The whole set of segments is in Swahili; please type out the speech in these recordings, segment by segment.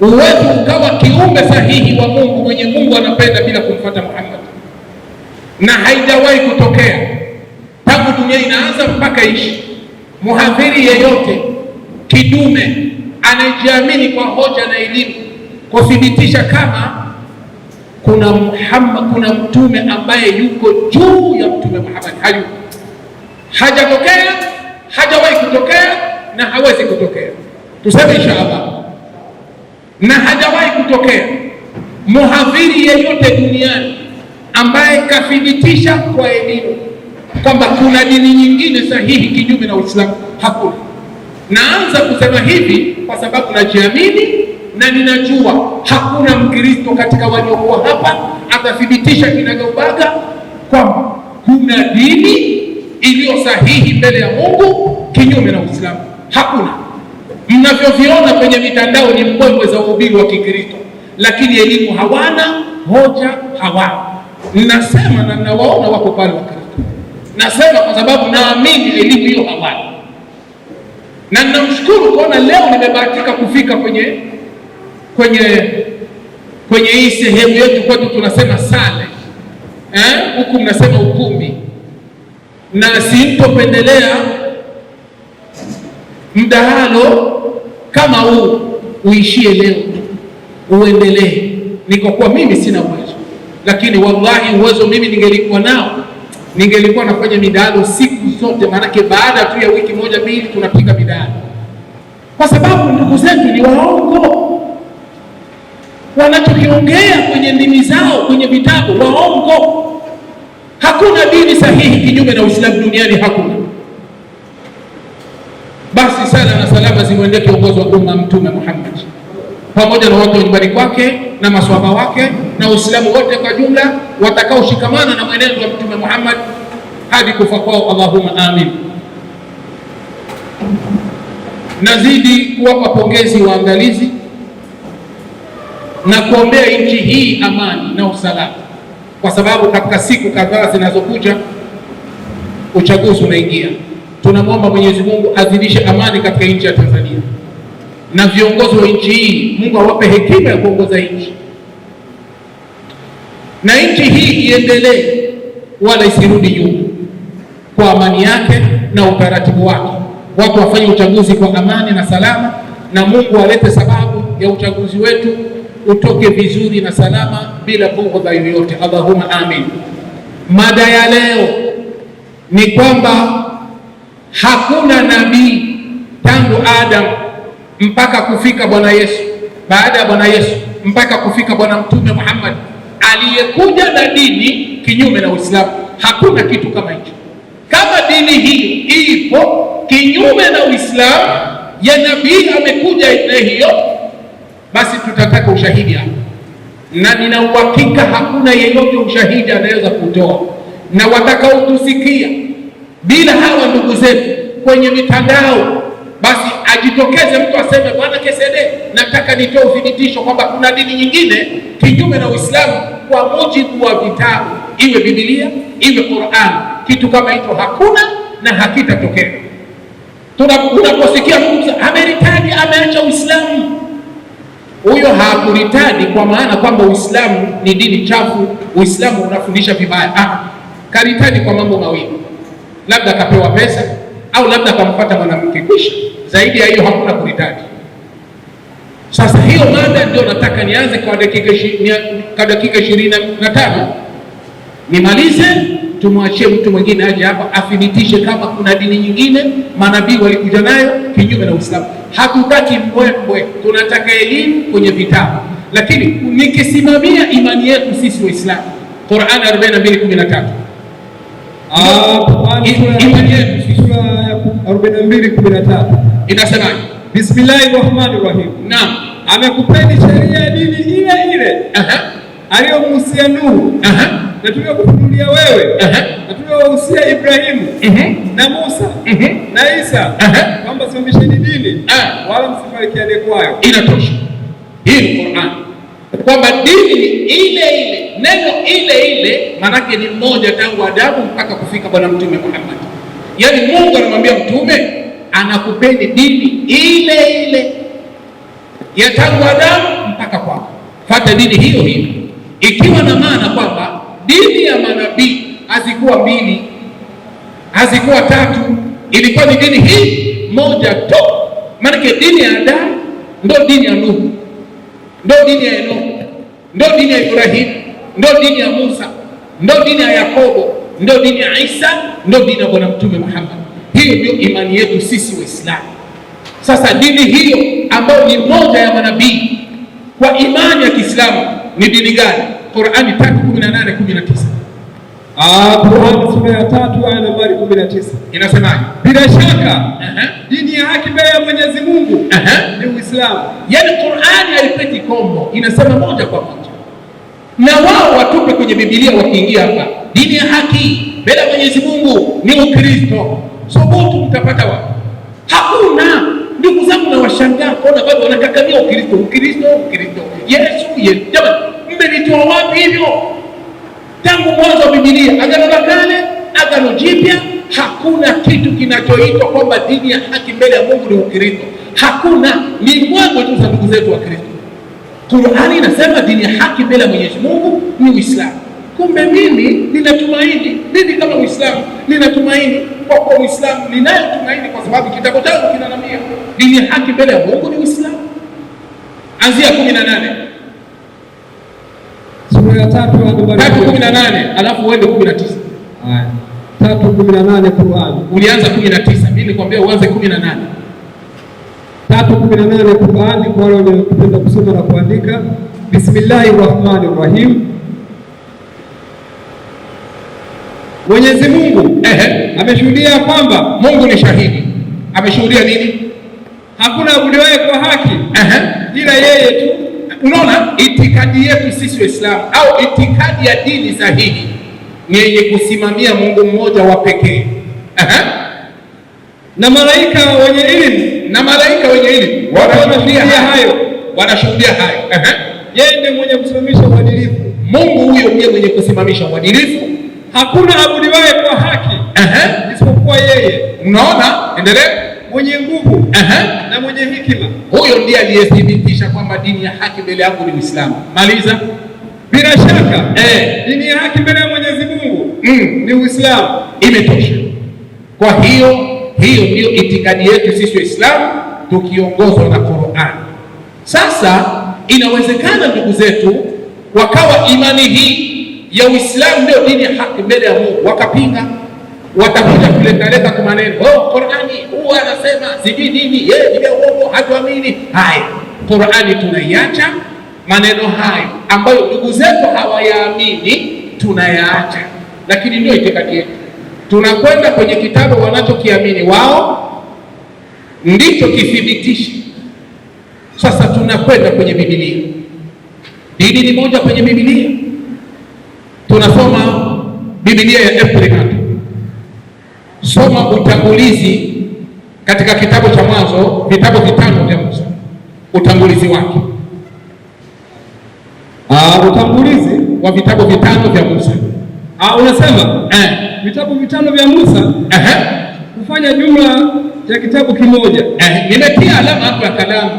uwepo ukawa kiumbe sahihi wa Mungu mwenye Mungu anapenda bila kumfuata Muhammad, na haijawahi kutokea tangu dunia inaanza mpaka ishi. Mhadhiri yeyote kidume anayejiamini kwa hoja na elimu kuthibitisha kama kuna Muhammad, kuna mtume ambaye yuko juu ya mtume Muhammad hayu hajatokea, hajawahi kutokea na hawezi kutokea, tuseme insha na hajawahi kutokea muhadhiri yeyote duniani ambaye kathibitisha kwa elimu kwamba kuna dini nyingine sahihi kinyume na Uislamu. Hakuna. Naanza kusema hivi kwa sababu najiamini na ninajua hakuna Mkristo katika waliokuwa hapa atathibitisha kinagaubaga kwamba kuna dini iliyo sahihi mbele ya Mungu kinyume na Uislamu. Hakuna mnavyoviona kwenye mitandao ni mbwembwe za uhubiri wa Kikristo, lakini elimu hawana, hoja hawana. Ninasema na ninawaona wako pale Wakristo, nasema kwa sababu naamini elimu hiyo hawana, na ninamshukuru kuona leo nimebahatika kufika kwenye kwenye kwenye hii sehemu yetu kwetu tunasema sale eh, huku eh, mnasema ukumbi, na simtopendelea mdahalo kama huu uishie leo, uendelee. kwa mimi sina uwezo, lakini wallahi uwezo mimi ningelikuwa nao ningelikuwa nafanya midahalo siku zote, maanake baada tu ya wiki moja mbili tunapiga midahalo, kwa sababu ndugu zetu ni waongo. Wanachokiongea kwenye ndimi zao kwenye vitabu waongo. Hakuna dini sahihi kinyume na Uislamu duniani, hakuna basi sala na salama zimwendee kiongozi wa umma Mtume Muhammad pamoja na watu wa nyumbani kwake na maswahaba wake na Uislamu wote kwa jumla watakaoshikamana na mwenendo wa Mtume Muhammad hadi kufa kwao, Allahumma amin. Nazidi kuwapa pongezi waangalizi na kuombea nchi hii amani na usalama, kwa sababu katika siku kadhaa zinazokuja uchaguzi unaingia tunamwomba Mwenyezi Mungu azidishe amani katika nchi ya Tanzania na viongozi wa nchi hii, Mungu awape hekima ya kuongoza nchi na nchi hii iendelee, wala isirudi nyuma, kwa amani yake na utaratibu wake. Watu wafanye uchaguzi kwa amani na salama, na Mungu alete sababu ya uchaguzi wetu utoke vizuri na salama bila bughudha yoyote. Allahumma amin. Mada ya leo ni kwamba Hakuna nabii tangu Adam mpaka kufika Bwana Yesu, baada ya Bwana Yesu mpaka kufika Bwana Mtume Muhammad aliyekuja na dini kinyume na Uislamu. Hakuna kitu kama hicho. Kama dini hii ipo kinyume na Uislamu ya nabii amekuja na hiyo, basi tutataka ushahidi hapo na nina uhakika hakuna yeyote ushahidi anaweza kutoa, na watakaotusikia bila hawa ndugu zetu kwenye mitandao, basi ajitokeze mtu aseme, bwana Kesede, nataka nitoe uthibitisho kwamba kuna dini nyingine kinyume na Uislamu kwa mujibu wa vitabu, iwe Biblia iwe Qur'an. Kitu kama hicho hakuna na hakitatokea. Tunaposikia mtu ameritadi, ameacha Uislamu, huyo hakuritadi kwa maana kwamba Uislamu ni dini chafu, Uislamu unafundisha vibaya. Ah, karitadi kwa mambo mawili labda akapewa pesa au labda akampata mwanamke, kisha zaidi ya hiyo hakuna kuhitaji. Sasa hiyo mada ndio nataka nianze kwa dakika ishirini na tano nimalize, tumwachie mtu mwingine aje hapa athibitishe kama kuna dini nyingine manabii walikuja nayo kinyume na Uislamu. Hatutaki mbwembwe, tunataka elimu kwenye vitabu, lakini nikisimamia imani yetu sisi Waislamu, Qur'an 42:13 Ah, sura ya 42 13 inasemaje? Bismillahir Rahmanir Rahim. Naam, amekupeni sheria ya dini ile ile aliyomuhusia Nuhu na tuliyokufunulia wewe na tuliyowahusia Ibrahimu na Musa na Isa kwamba simamisheni dini eh. wala msifarikiane kwayo. Inatosha hii Qur'an kwamba dini ile ile neno ile ile manake ni mmoja tangu Adamu mpaka kufika Bwana Mtume Muhammad. Yaani Mungu anamwambia mtume anakupeni dini ile ile ya tangu Adamu mpaka kwako, fata dini hiyo hiyo, ikiwa na maana kwamba dini ya manabii hazikuwa mbili, hazikuwa tatu, ilikuwa ni dini hii moja tu. Maanake dini ya Adamu ndio dini ya Nuhu ndio dini ya Enoki, ndio dini ya Ibrahimu, ndio dini ya Musa, ndio dini ya Yakobo, ndio dini ya Isa, ndio dini ya Bwana Mtume Muhammad. Hiyo ndio imani yetu sisi Waislamu. Sasa dini hiyo ambayo ni moja ya manabii kwa imani ya Kiislamu ni dini gani? Qurani 3:18 19 Sura ya tatu aya nambari kumi na tisa inasemaje? Bila shaka dini ya haki mbele ya Mwenyezi Mungu ni Uislamu. Yaani Qur'ani haipeti kombo, inasema moja kwa moja, na wao watupe kwenye bibilia wakiingia hapa, dini ya haki mbele ya Mwenyezi Mungu ni Ukristo. Sobutu mtapata wapi? Hakuna. Ndugu zangu, nawashangaa kuona bado wanakakamia Ukristo, Ukristo, Ukristo. Yesu, Yesu, jamani, mmenitoa wapi hivyo? tangu mwanzo wa Biblia, Agano la Kale, Agano Jipya, hakuna kitu kinachoitwa kwamba dini ya haki mbele ya Mungu ni Ukristo. Hakuna, ni mwanzo tu za ndugu zetu wa Kristo. Qurani inasema dini ya haki mbele ya Mwenyezi Mungu ni Uislamu. Kumbe mimi ninatumaini, mimi kama Muislamu ninatumaini kwa kuwa Muislamu ninayotumaini kwa sababu kitabu changu kinanamia dini ya haki mbele ya Mungu ni Uislamu, anzia kumi na nane tatu kumi na nane alafu uende kumi na tisa tatu kumi na nane Qur'an. Ulianza kumi na tisa mimi nilikwambia uanze kumi na nane tatu kumi na nane Qur'an kwa wale wanaopenda kusoma na kuandika. Bismillahir Rahmanir Rahim. Mwenyezi Mungu ameshuhudia kwamba Mungu ni shahidi. Ameshuhudia nini? Hakuna abudiwaye kwa haki ehe, ila yeye tu Unaona, itikadi yetu sisi Waislamu au itikadi ya dini sahihi ni yenye kusimamia Mungu mmoja wa pekee na malaika wenye elimu na malaika wenye elimu wanashuhudia hayo, wanashuhudia hayo. Yeye ndiye mwenye kusimamisha uadilifu. Mungu huyo ndiye mwenye kusimamisha uadilifu, hakuna abudiwaye kwa haki isipokuwa yeye. Unaona, endelea mwenye nguvu na mwenye hikima. Huyo ndiye aliyethibitisha kwamba dini ya haki mbele yangu ni Uislamu. Maliza. Bila shaka eh, dini ya haki mbele ya Mwenyezi Mungu mm. ni Uislamu. Imetosha. Kwa hiyo hiyo ndiyo itikadi yetu sisi Waislamu tukiongozwa na Qur'an. Sasa inawezekana ndugu zetu wakawa imani hii ya Uislamu ndio dini ya haki mbele ya Mungu wakapinga watakuja kuletaleta kwa maneno oh, Qurani huu anasema sijui nini, yeye ni uongo, hatuamini haya. Qurani tunaiacha, maneno hayo ambayo ndugu zetu hawayaamini tunayaacha, lakini ndio itikadi yetu. Tunakwenda kwenye kitabu wanachokiamini wao ndicho kithibitishi. Sasa tunakwenda kwenye Biblia, dini ni moja kwenye Biblia, tunasoma Biblia ya Afrika Soma utangulizi katika kitabu cha Mwanzo, vitabu vitano vya Musa, utangulizi wake. Uh, utangulizi wa vitabu vitano vya Musa. Uh, unasema eh, vitabu vitano vya Musa kufanya uh -huh. jumla ya kitabu kimoja. Eh, nimetia alama hapo ya kalamu,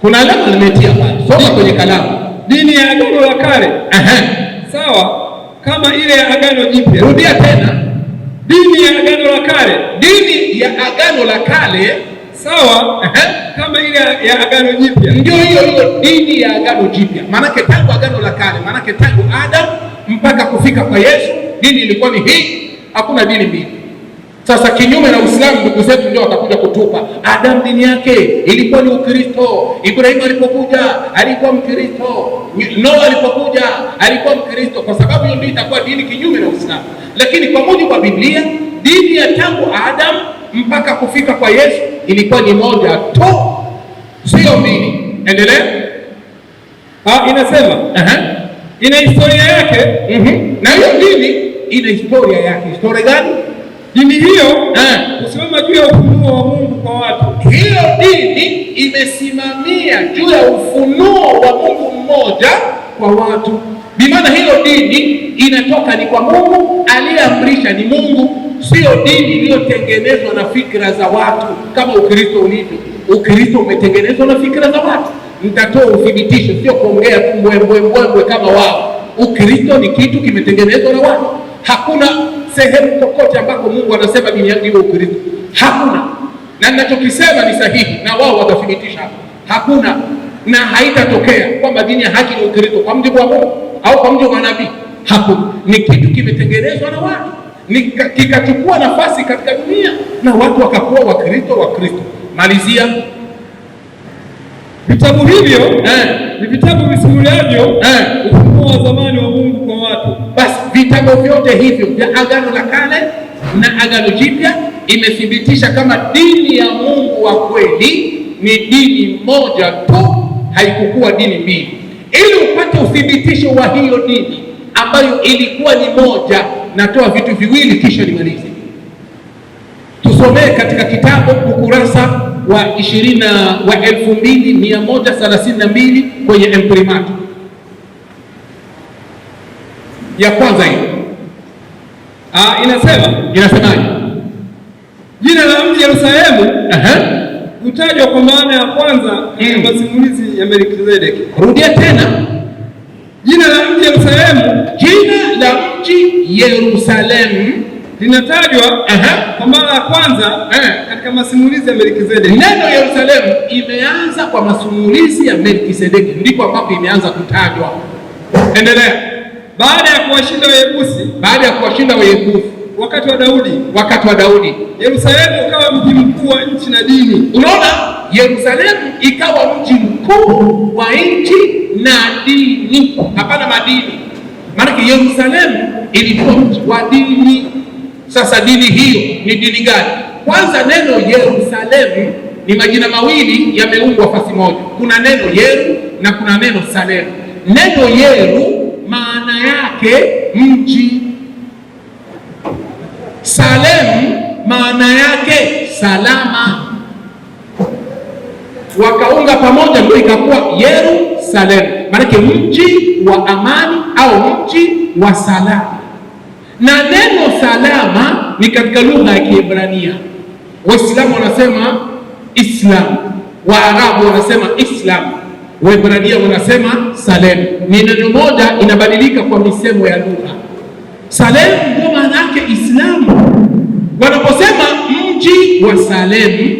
kuna alama nimetia hapo. Soma kwenye kalamu. Dini ya Agano la Kale uh -huh. sawa kama ile ya Agano Jipya. Rudia tena dini ya agano la kale, dini ya agano la kale sawa kama ile ya agano jipya, ndio hiyo hiyo dini ya agano jipya. Maanake tangu agano la kale, maanake tangu Adam mpaka kufika kwa Yesu, dini ilikuwa ni hii, hakuna dini mbili. Sasa kinyume na Uislamu, ndugu zetu ndio watakuja kutupa. Adamu dini yake ilikuwa ni Ukristo. Ibrahimu alipokuja alikuwa Mkristo. Noa alipokuja alikuwa Mkristo, kwa sababu hiyo ndio itakuwa dini kinyume na Uislamu. Lakini kwa mujibu wa Biblia, dini ya tangu Adamu mpaka kufika kwa Yesu ilikuwa ni moja tu, sio mbili. Endelea. Ah, inasema -huh. ina historia yake. Mhm, na hiyo dini ina historia yake. Historia gani? Dini hiyo kusimama eh. juu ya ufunuo wa Mungu kwa watu, hiyo dini imesimamia juu ya ufunuo wa Mungu mmoja kwa watu. Bimaana hiyo dini inatoka ni kwa Mungu, aliyeamrisha ni Mungu, sio dini iliyotengenezwa na fikra za watu kama Ukristo ulivyo. Ukristo umetengenezwa na fikra za watu, nitatoa uthibitisho, sio kuongea tu mbwembwembwembwe kama wao. Ukristo ni kitu kimetengenezwa na watu, hakuna sehemu kokote ambako Mungu anasema imeandikwa Ukristo, hakuna na ninachokisema ni sahihi, na wao watathibitisha hapo. Hakuna na haitatokea kwamba dini ya haki ni Ukristo kwa mjibu wa Mungu au kwa mjibu wa nabii. Hakuna, ni kitu kimetengenezwa na watu kikachukua nafasi katika dunia na watu wakakuwa Wakristo Wakristo. Malizia Vitabu hivyo eh. ni vitabu visimuliavyo eh. ufunuo wa zamani wa Mungu kwa watu. Basi vitabu vyote hivyo vya Agano la Kale na Agano Jipya imethibitisha kama dini ya Mungu wa kweli ni dini moja tu, haikukuwa dini mbili. Ili upate uthibitisho wa hiyo dini ambayo ilikuwa ni moja, natoa vitu viwili kisha nimalize. Tusomee katika kitabu ukurasa wa 20 wa 2132 kwenye imprimatu ya kwanza hiyo. Ah, inasema inasemaje? Jina la mji Yerusalemu utajwa kwa maana ya kwanza katika hmm. masimulizi ya Melkizedeki. Rudia tena, jina la mji Yerusalemu, jina la mji Yerusalemu linatajwa kwa mara ya kwanza katika masimulizi ya Melkizedeki. Neno Yerusalemu imeanza kwa masimulizi ya Melkizedeki, ndipo ambapo imeanza kutajwa. Endelea. Baada ya kuwashinda Wayebusi, baada ya kuwashinda Wayebusi wakati wa Daudi, wakati wa Daudi, Yerusalemu ukawa mji mkuu wa nchi na dini. Unaona, Yerusalemu ikawa mji mkuu wa nchi na dini, hapana madini. Maanake Yerusalemu ilikuwa mji wa dini sasa dini hiyo ni dini gani? Kwanza neno Yerusalemu ni majina mawili yameungwa fasi moja, kuna neno Yeru na kuna neno Salemu. Neno Yeru maana yake mji, Salemu maana yake salama, wakaunga pamoja ndio ikakuwa Yerusalemu, maanake mji wa amani au mji wa salama na neno salama ni katika lugha ya Kiebrania. Waislamu wanasema Islam, Waarabu wanasema Islam, Waebrania wanasema Salem. Ni neno moja, inabadilika kwa misemo ya lugha. Salem ndio maana yake Islamu. Wanaposema mji wa Salem,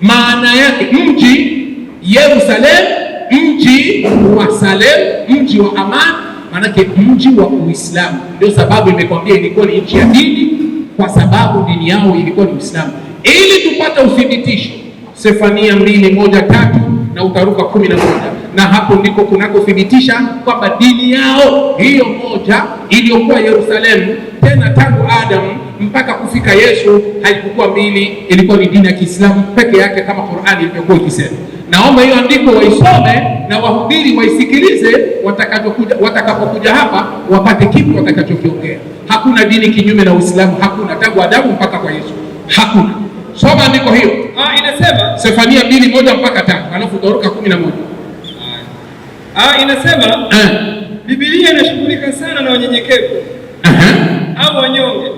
maana yake mji Yerusalemu, mji wa Salem, mji wa amani maanake mji wa Uislamu. Ndio sababu imekwambia ilikuwa ni nchi ya dini, kwa sababu dini yao ilikuwa ni Uislamu. Ili tupate uthibitisho, Sefania mbili moja tatu na utaruka kumi na moja na hapo ndiko kunakothibitisha kwamba dini yao hiyo moja iliyokuwa Yerusalemu, tena tangu Adamu mpaka kufika Yesu haikukuwa mbili, ilikuwa ni dini ya Kiislamu peke yake, kama Qur'ani ilivyokuwa ikisema. Naomba hiyo andiko waisome na wahubiri waisikilize, watakapokuja watakapokuja hapa wapate kitu watakachokiongea. Hakuna dini kinyume na Uislamu, hakuna tangu Adamu mpaka kwa Yesu, hakuna. Soma andiko hiyo. Ah, inasema Sefania mbili moja mpaka tano alafu Utaruka kumi na moja. Ah, ah inasema eh. Biblia inashughulika sana na wanyenyekevu au wanyonge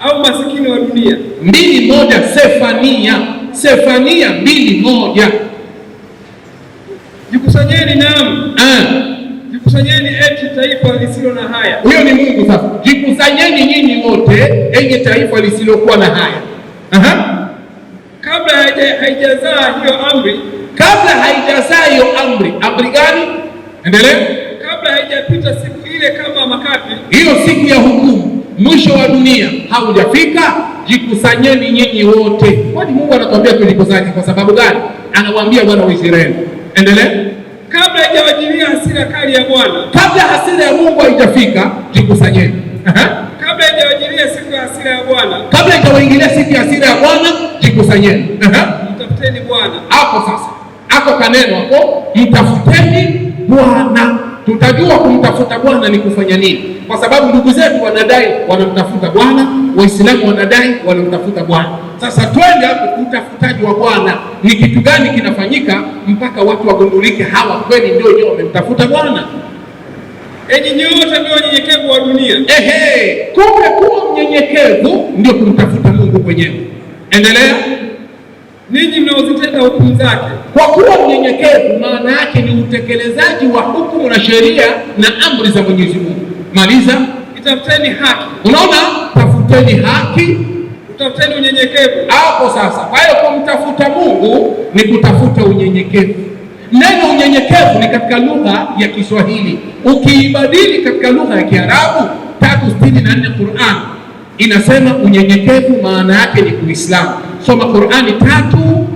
au masikini wa dunia. mbili moja Sefania, Sefania mbili moja Jikusanyeni naam, ah. jikusanyeni eti taifa lisilo na haya. Huyo ni Mungu. Sasa jikusanyeni nyinyi wote, enye taifa lisilokuwa na haya. Aha. Kabla haijazaa hiyo amri, kabla haijazaa hiyo amri. Amri gani? Endelea. Kabla haijapita siku ile kama makapi, hiyo siku ya hukumu, mwisho wa dunia haujafika, jikusanyeni nyinyi wote. Kwani Mungu anatuambia tujikusanye kwa sababu gani? Anawaambia wana wa Israeli. Endelea kabla hajawajilia hasira kali ya Bwana, kabla hasira ya Mungu haijafika, jikusanyeni. Kabla hajawajilia siku ya hasira ya Bwana, kabla hajawaingilia siku ya hasira ya Bwana, jikusanyeni, mtafuteni Bwana. Hapo sasa hapo kaneno hapo, mtafuteni Bwana. Tutajua kumtafuta Bwana ni kufanya nini, kwa sababu ndugu zetu wanadai wanamtafuta Bwana, Waislamu wanadai wanamtafuta Bwana sasa twende hapo, utafutaji wa Bwana ni kitu gani kinafanyika mpaka watu wagundulike hawa kweli ndio wenyewe wamemtafuta Bwana. Enyi nyote mlio wanyenyekevu wa dunia. Ehe, kumbe kuwa mnyenyekevu ndio kumtafuta Mungu mwenyewe. Endelea. Ninyi mnaozitenda hukumu zake. Kwa kuwa mnyenyekevu, maana yake ni utekelezaji wa hukumu na sheria na amri za Mwenyezi Mungu. Maliza. Itafuteni haki. Unaona, tafuteni haki Tafuteni unyenyekevu hapo sasa. Kwa hiyo kumtafuta Mungu ni kutafuta unyenyekevu. Neno unyenyekevu ni katika lugha ya Kiswahili, ukiibadili katika lugha ya Kiarabu tatu na nne Qur'an inasema unyenyekevu maana yake ni Kuislamu. Soma Qur'ani tatu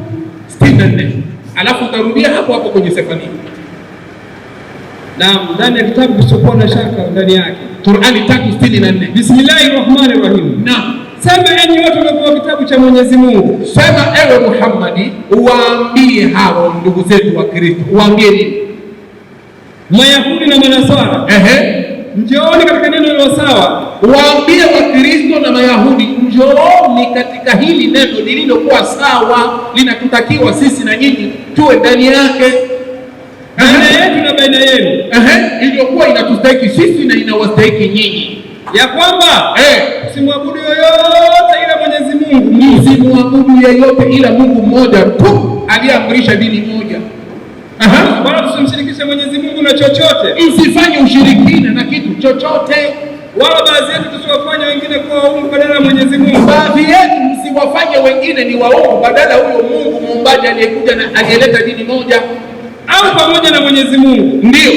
na nne alafu utarudia hapo hapo kwenye sefani. Naam, ndani ya kitabu kisichokuwa na shaka ndani yake Qur'ani 364. Bismillahir Rahmanir Rahim. Naam. Sema enyi watu waliopewa kitabu cha Mwenyezi Mungu, sema ewe Muhammadi, waambie hawa ndugu zetu wa Kristo, uwaambie nini? Mayahudi na Manasara, ehe, njooni katika neno lililo sawa. Waambie Wakristo na Mayahudi, njooni katika hili neno lililokuwa sawa, linatutakiwa sisi na nyinyi tuwe ndani yake baina yetu na baina yenu, ehe, iliyokuwa inatustahiki sisi na inawastahiki nyinyi ya kwamba eh, usimwabudu yoyote ila Mwenyezi Mungu, usimwabudu yeyote ila Mungu mmoja tu aliyeamrisha dini moja. Aha, wala tusimshirikishe Mwenyezi Mungu na chochote, msifanye ushirikina na kitu chochote, wala baadhi yetu tusiwafanye wengine kuwa waungu badala ya Mwenyezi Mungu. Baadhi yetu msiwafanye wengine ni waungu badala huyo Mungu muumbaji aliyekuja na aliyeleta dini moja, au pamoja na Mwenyezi Mungu, ndio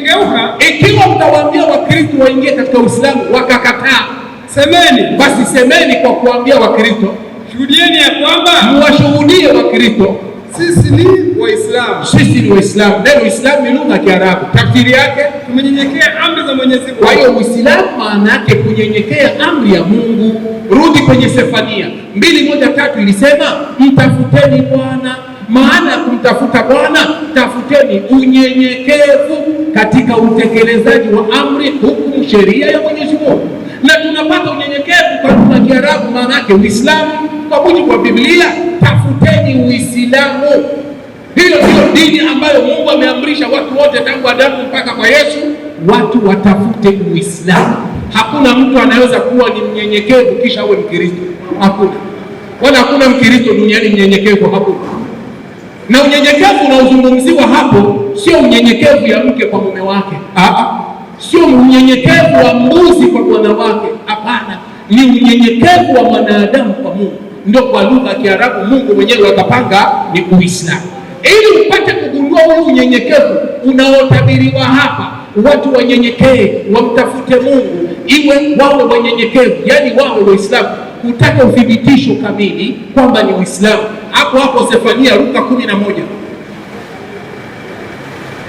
Mkigeuka, ikiwa mtawaambia Wakristo waingie katika Uislamu wakakataa, semeni basi, semeni kwa kuambia Wakristo, shuhudieni ya kwamba muwashuhudie Wakristo sisi ni Waislamu, sisi ni Waislamu. Neno Islamu ni lugha ya Kiarabu, tafsiri yake tumenyenyekea amri za Mwenyezi Mungu. Kwa hiyo Uislamu maana yake kunyenyekea amri ya Mungu. Rudi kwenye Sefania mbili moja tatu ilisema mtafuteni Bwana maana ya kumtafuta Bwana, tafuteni unyenyekevu katika utekelezaji wa amri, hukumu, sheria ya Mwenyezi Mungu. Na tunapata unyenyekevu kwa lugha ya Kiarabu, maana yake Uislamu. Kwa mujibu wa Biblia, tafuteni Uislamu. Hiyo ndiyo dini ambayo Mungu ameamrisha watu wote tangu Adamu mpaka kwa Yesu, watu watafute Uislamu. Hakuna mtu anaweza kuwa ni mnyenyekevu kisha awe Mkristo, hakuna. Wala hakuna Mkristo duniani mnyenyekevu, hakuna na unyenyekevu unaozungumziwa hapo sio unyenyekevu ya mke kwa mume wake, ah, ah. sio unyenyekevu wa mbuzi kwa bwana wake. Hapana, ni unyenyekevu wa mwanadamu kwa Mungu. Ndio kwa lugha ya Kiarabu Mungu mwenyewe akapanga ni Uislamu, ili upate kugundua huu unyenyekevu unaotabiriwa hapa. Watu wanyenyekee, wamtafute Mungu, iwe wao wanyenyekevu, yaani wao Waislamu kutaka uthibitisho kamili kwamba ni Uislamu. Hapo hapo Sefania ruka kumi na moja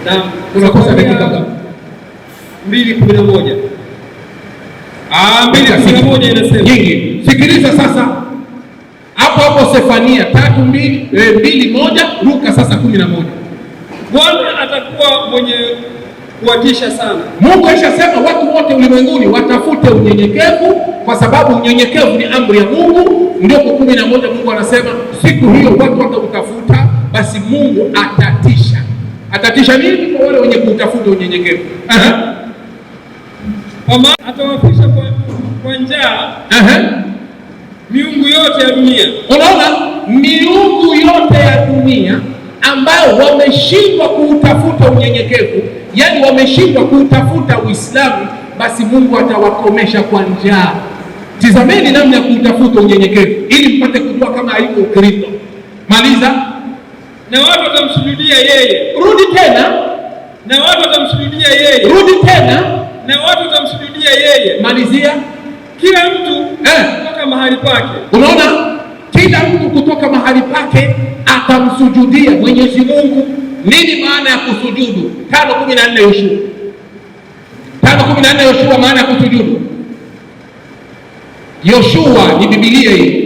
na unakosa dakika mbili kumi na moja ah, nyingi. Sikiliza sasa, hapo hapo Sefania tatu mbili eh, mbili moja ruka sasa kumi na moja Bwana atakuwa mwenye kuwatisha sana. Mungu alishasema watu wote ulimwenguni watafute unyenyekevu, kwa sababu unyenyekevu ni amri ya Mungu. ndioko kumi na moja Mungu anasema siku hiyo watu watakutafuta, basi Mungu atatisha. Atatisha nini? Kwa wale wenye kuutafuta unyenyekevu. Atawafisha kwa, kwa njaa miungu yote ya dunia. Unaona, miungu yote ya dunia ambayo wameshindwa kuutafuta unyenyekevu yani wameshindwa kuutafuta Uislamu, basi Mungu atawakomesha kwa njaa. Tizameni namna ya kuutafuta unyenyekevu ili mpate kujua kama haiko Ukristo. Maliza. Na watu watamsujudia yeye. Rudi tena. Na watu watamsujudia yeye. Rudi tena. Na watu watamsujudia yeye. Malizia. Kila mtu eh, kutoka mahali pake. Unaona, kila mtu kutoka mahali pake atamsujudia Mwenyezi Mungu. Nini maana ya kusujudu? tano kumi na nne Yoshua tano kumi na nne Yoshua, maana ya kusujudu. Yoshua ni Biblia hii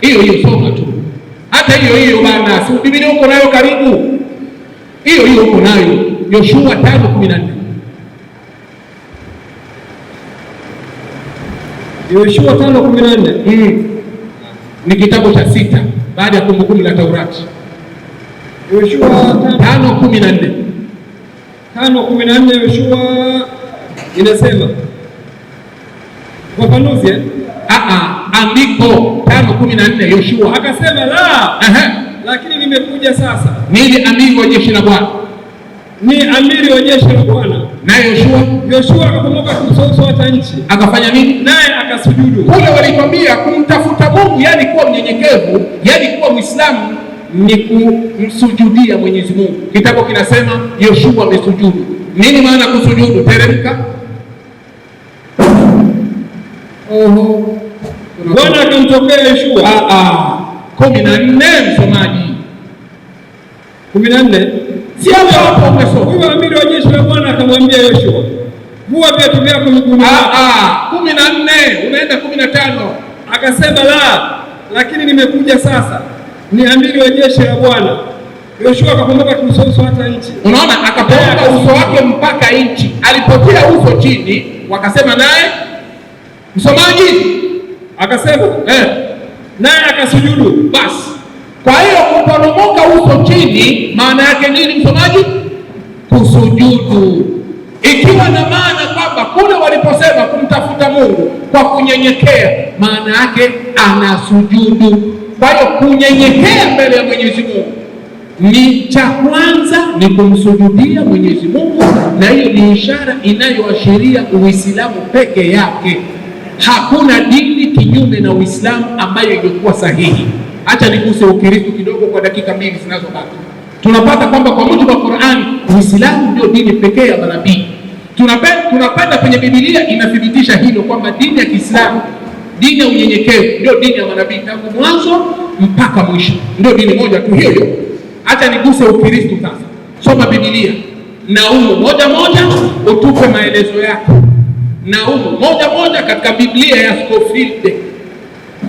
hiyo hiyo, soma tu hata hiyo hiyo bana, si Biblia huko nayo karibu, hiyo hiyo huko nayo Yoshua tano kumi na nne Yoshua tano kumi na nne hmm. ni kitabu cha sita baada ya Kumbukumbu la Taurati. Yoshua tano kumi na nne tano kumi na nne Yoshua inasema wafanuzi eh? ah, ah, andiko tano kumi na nne Yoshua akasema la lakini nimekuja sasa. Nili amiri wa jeshi la Bwana, ni amiri wa jeshi la Bwana. Naye Yoshua Yoshua akakomoka uso hata nchi, akafanya nini? Naye akasujudu. Kule walikwambia kumtafuta Mungu, yani kuwa mnyenyekevu, yani kuwa Mwislamu ni kumsujudia Mwenyezi Mungu. Kitabu kinasema Yoshua amesujudu. Nini maana kusujudu? Teremka. Oho, Bwana akamtokea Yoshua ah, ah. kumi na nne. Msomaji kumi na nne si hapo umesoma. Huyo amiri wa jeshi la Bwana akamwambia Yoshua, vua viatu vyako miguuni. Ah, kumi na nne unaenda kumi na tano Akasema la, lakini nimekuja sasa ni amiri wa jeshi la Bwana. Yoshua akakumbuka kuuso uso hata nchi. Unaona, akapoka uso wake mpaka nchi. Alipotia uso chini, wakasema naye msomaji akasema eh, naye akasujudu. Basi kwa hiyo kuporomoka uso chini maana yake nini, msomaji? Kusujudu, ikiwa na maana kwamba kule waliposema kumtafuta Mungu kwa kunyenyekea, maana yake anasujudu. Kwa hiyo kunyenyekea mbele ya Mwenyezi Mungu ni cha kwanza ni kumsujudia Mwenyezi Mungu, na hiyo ni ishara inayoashiria Uislamu peke yake. Hakuna dini kinyume na Uislamu ambayo ingekuwa sahihi. Acha niguse Ukristo kidogo kwa dakika mbili zinazobaki. Tunapata kwamba kwa mujibu wa Qur'an, Uislamu ndio dini pekee ya manabii. Tunapata kwenye Biblia inathibitisha hilo kwamba dini ya Kiislamu Dini ya unyenyekevu ndio dini ya manabii tangu mwanzo mpaka mwisho, ndio dini moja tu hiyo hiyo. Acha niguse Ukristo sasa. Soma Biblia na umo moja moja utupe maelezo yako, na umo moja moja katika Biblia ya Scofield,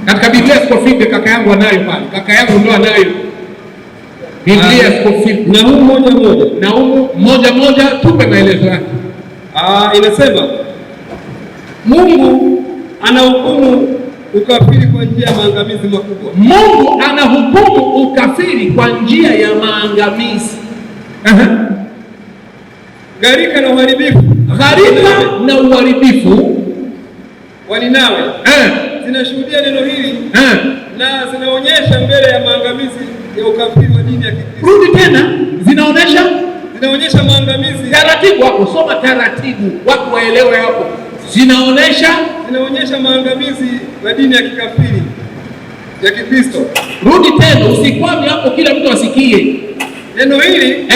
katika Biblia ya Scofield kaka yangu anayo pale, kaka yangu ndio anayo Biblia ya Scofield, na umo moja moja, na umo moja moja tupe maelezo yako. Ah, inasema Mungu anahukumu ukafiri kwa njia ya maangamizi makubwa. Mungu anahukumu ukafiri kwa njia ya maangamizi. Gharika na uharibifu, gharika na uharibifu walinawe zinashuhudia neno hili na zinaonyesha mbele ya maangamizi ya ukafiri wa dini ya Kikristo. Rudi tena, zinaonyesha zinaonyesha maangamizi. Taratibu wako, soma taratibu, watu waelewe hapo zinaonesha zinaonyesha maangamizi ya dini ya kikafiri ya Kikristo. Rudi tena, usikwame hapo, kila mtu asikie neno hili.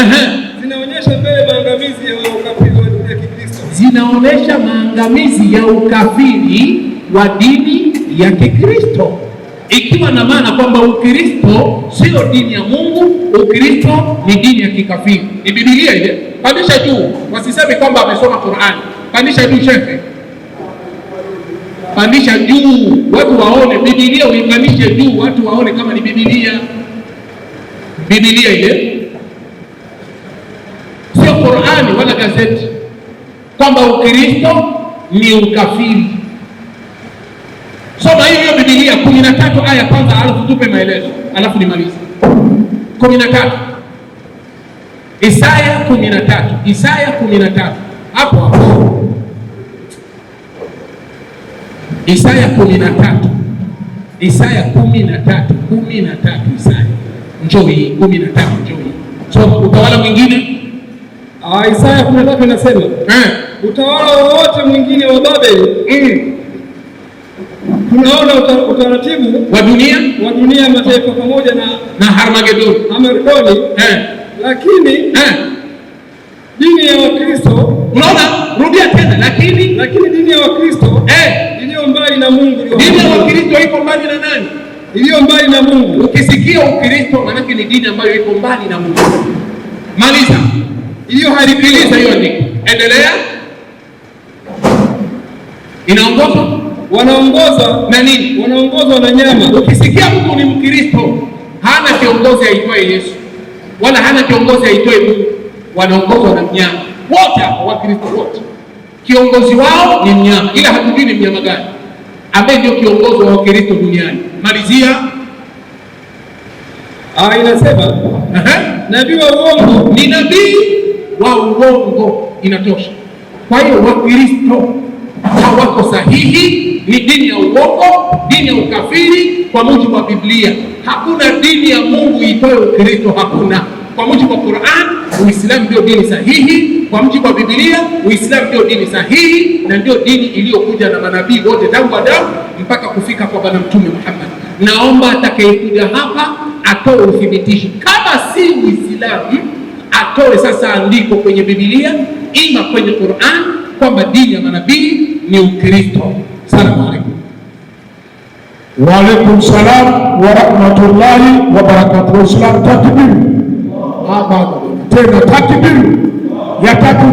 Zinaonyesha mbele maangamizi ya ukafiri wa dini ya Kikristo, zinaonyesha maangamizi ya ukafiri wa dini ya Kikristo, ikiwa na maana kwamba Ukristo sio dini ya Mungu, Ukristo ni dini ya kikafiri. Ni Biblia ile, pandisha juu, wasisemi kwamba amesoma qurani Pandisha juu shehe pandisha juu, watu waone Biblia, uipanishe juu, watu waone kama ni Biblia. Biblia ile sio Qurani wala gazeti, kwamba Ukristo ni ukafiri. Soma hiyo Biblia kumi na tatu aya kwanza, alafu tupe maelezo, alafu nimalize. kumi na tatu Isaya kumi na tatu Isaya kumi na tatu hapo hapo Isaya kumi na tatu Isaya kumi na tatu kumi na tatu Isaya njoi kumi na tatu njoi so utawala mwingine ah, Isaya kumi na tatu inasema eh, utawala wowote mwingine wa Babeli mm. Tunaona utaratibu wa dunia wa dunia mataifa pamoja na na Harmagedoni Harmagedoni eh. Lakini eh. dini ya Wakristo unaona, rudia tena, lakini lakini dini ya Wakristo eh mbali na Mungu. Dini ya Wakristo iko mbali na nani? Iliyo mbali na Mungu. Ukisikia Ukristo maanake ni dini ambayo iko mbali na Mungu. Maliza haribiliza hiyo ndiko. endelea, inaongozwa wanaongozwa na nini? Wanaongozwa na nyama. Ukisikia mtu ni Mkristo, hana kiongozi aitwaye Yesu wala hana kiongozi aitwaye Mungu, wanaongozwa na mnyama wote. Hapa Wakristo wote kiongozi wao ni mnyama, ila hatujui ni mnyama gani ambaye ndio kiongozi wa Wakristo duniani. Malizia ah, inasema nabii wa uongo ni nabii wa uongo, inatosha. Kwa hiyo Wakristo wako sahihi, ni dini ya uongo, dini ya ukafiri kwa mujibu wa Biblia. Hakuna dini ya Mungu itoe Ukristo, hakuna kwa mujibu wa Qur'an, Uislamu ndio dini sahihi. Kwa mujibu wa Biblia, Uislamu ndio dini sahihi na ndio dini iliyokuja na manabii wote tangu Adamu mpaka kufika kwa Bwana Mtume Muhammad. Naomba atakayekuja hapa atoe uthibitisho, kama si Uislamu atoe sasa andiko kwenye Biblia ima kwenye Qur'an kwamba dini ya manabii ni Ukristo. Salamu alaykum. Wa alaykum salam wa rahmatullahi wa barakatuh. Islam takbir. tena takbiru ya